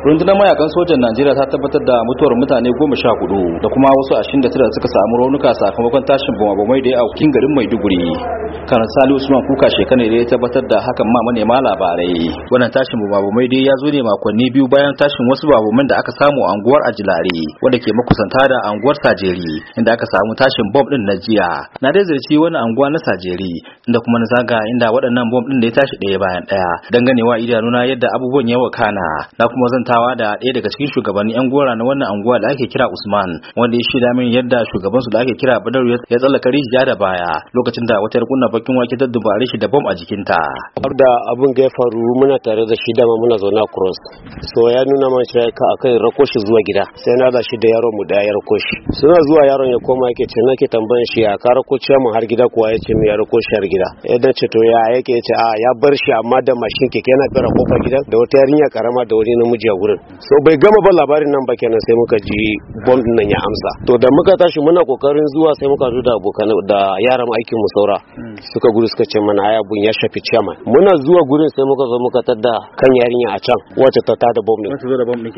rundunar mayakan sojan najeriya ta tabbatar da mutuwar mutane goma sha hudu da kuma wasu ashirin da tara da suka samu raunuka sakamakon tashin bamabamai da ya aukin garin maiduguri kanar sali usman kuka shekane da ya tabbatar da hakan ma manema labarai wannan tashin bamabamai dai ya zo ne makonni biyu bayan tashin wasu babaman da aka samu a anguwar ajilare wanda ke makusanta da anguwar sajeri inda aka samu tashin bom din na jiya na dai zarci wani anguwa na sajeri inda kuma na zaga inda waɗannan bom din da ya tashi ɗaya bayan ɗaya danganewa idanuna yadda abubuwan yawa kana na kuma zan zantawa da ɗaya daga cikin shugabannin yan gora na wannan anguwa da ake kira Usman wanda ya shida min yadda shugaban su da ake kira Badar ya tsallaka rijiya da baya lokacin da wata kunna bakin wake ta dubare shi da bom a jikinta da abin ga ya faru muna tare da shi dama muna zauna cross so ya nuna man shi ka akan rakoshi zuwa gida sai na da shi da yaron mu da ya rakoshi suna zuwa yaron ya koma yake ce nake tambayan shi ya ka ce mu har gida kuwa ya ce mu ya rakoshi har gida idan ce to ya yake ce a ya bar shi amma da mashin keke yana fara kofar gidan da wata yarinya karama da wani namiji gurin so bai gama ba labarin nan ba kenan sai muka ji bomb nan ya amsa to da muka tashi muna kokarin zuwa sai muka zo da abokan da yaran aikin mu saura hmm. suka gudu suka ce mana aya bun ya shafi chairman muna zuwa gurin sai muka zo muka tadda kan yarinya a can wacce ta tada bomb din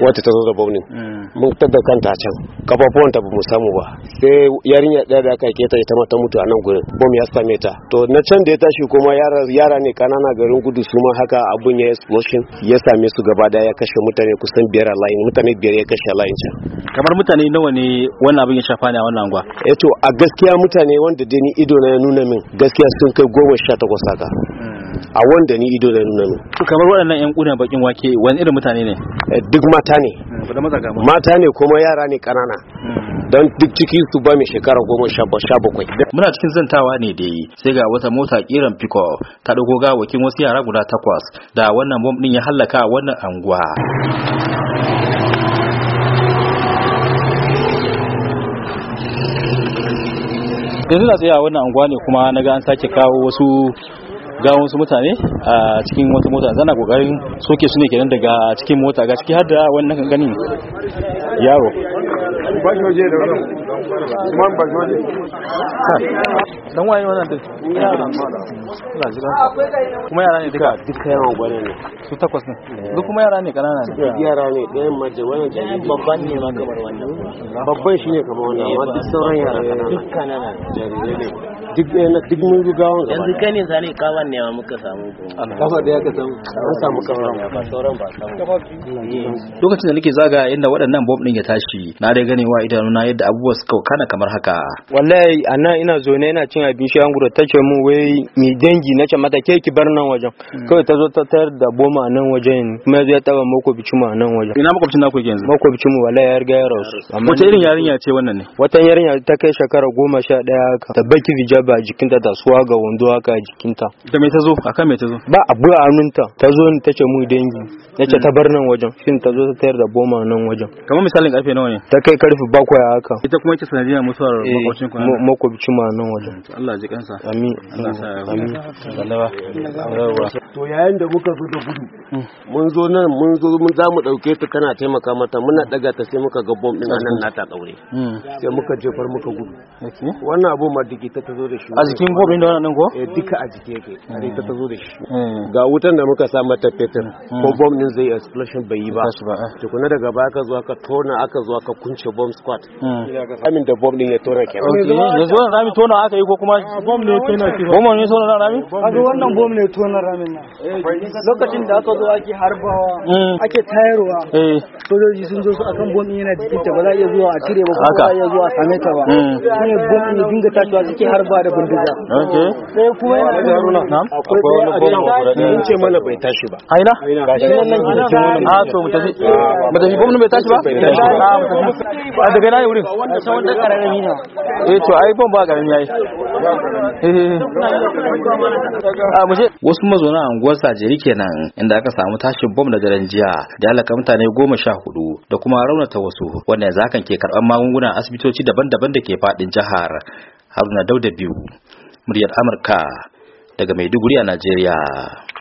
wacce ta zo da bomb din hmm. mun tadda kanta a can kafafuwan ta bamu samu ba sai yarinya da da aka keta ita ma ta mutu a nan gurin bomb ya same ta to na can da ya tashi kuma yara yara ne kanana garin gudu su ma haka abun ya explosion ya same su gaba daya ya kashe mutane kusan biyar a layin mutane biyar ya kashe a layin can kamar mutane nawa ne wannan abin ya shafa ne a wannan angwa eh to a gaskiya mutane wanda dai ni ido na ya nuna min gaskiya sun kai goma sha takwas haka hmm. a wanda ni ido na ya nuna min to kamar waɗannan yan kunan bakin wake wani irin mutane ne eh, duk mata ne hmm, mata ne kuma yara ne ƙanana hmm. don duk ciki su ba mai shekara goma sha bakwai. muna cikin zantawa ne da yi sai ga wata mota kiran pickup ta ga gawakin wasu yara guda takwas da wannan bom ɗin ya hallaka wannan anguwa. yanzu na tsaye a wannan anguwa ne kuma na ga an sake kawo wasu gawon wasu mutane a cikin wata mota zana kokarin soke su ne kenan daga cikin mota ga ciki har da wannan ganin yaro ba shi waje da wannan kuma waje dan waye wannan kuma yara ne duka duka ne su takwas ne duk kuma yara ne kanana ne yara ne maje wannan babban ne ma kamar wannan babban kamar wannan amma duk sauran yara kanana duk kanana ne duk na duk mun gawan gaba yanzu kai ne zane kawan ne muka samu kafa ah, da ka samu an samu kawan ba sauran ba eh. lokacin da nake zaga inda waɗannan bomb din ya tashi na dai ganewa na yadda abubuwa suka kana kamar haka wallahi anan ina zo ina cin abin shi an gura tace mun wai mi dangi nace mata ke ki bar nan wajen hmm. kawai ta zo ta tayar da a nan wajen kuma ya taba mu nan wajen ina yanzu mu wallahi ya riga ya rasu wace irin yarinya ce wannan ne wata yarinya ta kai shekara goma sha ɗaya ta baki hijab ba a jikinta ta suwa ga wando haka a jikinta da me ta zo akan me ta zo ba abu a hannunta ta zo ni tace mu dangi nace hmm. ta bar nan wajen shin ta zo ta tayar da boma nan wajen kamar misalin karfe nawa ne ta kai karfe bakwai haka ita kuma yake sanadiya mutuwar eh, makwabcin ku nan makwabci ma nan wajen Allah ji kansa amin Allah sa ya amin to yayin da muka zo da gudu mun zo nan mun zo mun za mu ɗauke ta kana taimaka mata muna ɗaga ta sai muka ga bom ɗin nan na ta ɗaure hmm. sai muka jefar muka gudu wannan abu ma digi ta ta zo da shi a jikin bom da wannan ko eh duka a jike yake are ta ta zo da shi hmm. ga wutan da muka sa mata fetur hmm. ko bom ɗin zai explosion bai yi ba eh. tukuna daga baya ka zo ka tona aka zo ka kunce bom squad amin da bom ɗin ya tona kenan yanzu wannan rami tona aka yi ko kuma ah, bom ne tona shi bom ne tona rami a wannan bom ne tona ramin nan lokacin da aka zuwa ke harbawa mm. ake tayarwa eh. sojoji sun zo su akan bombin yana jikinta ba za a iya zuwa a cire ba ba za a iya zuwa a same ta ba mm. shine bombin ya dinga tashiwa suke harba da bindiga sai kuma yana da haruna akwai wani bombin mun ce mana bai tashi ba aina gashi nan nan gidan wani a to mu tafi ah, mu bai tashi ba a ah, mu ah, ba daga na wurin a san wanda karami ne eh to ai bomba garin yayi eh, eh, eh. a mu je wasu mazauna anguwar Sajeri kenan inda aka samu tashin bom na daren jiya da alaka mutane goma sha hudu da kuma raunata wasu wanne yanzu hakan ke karɓar magunguna asibitoci daban-daban da ke faɗin jihar haruna dauda biyu muryar amurka daga maiduguri a najeriya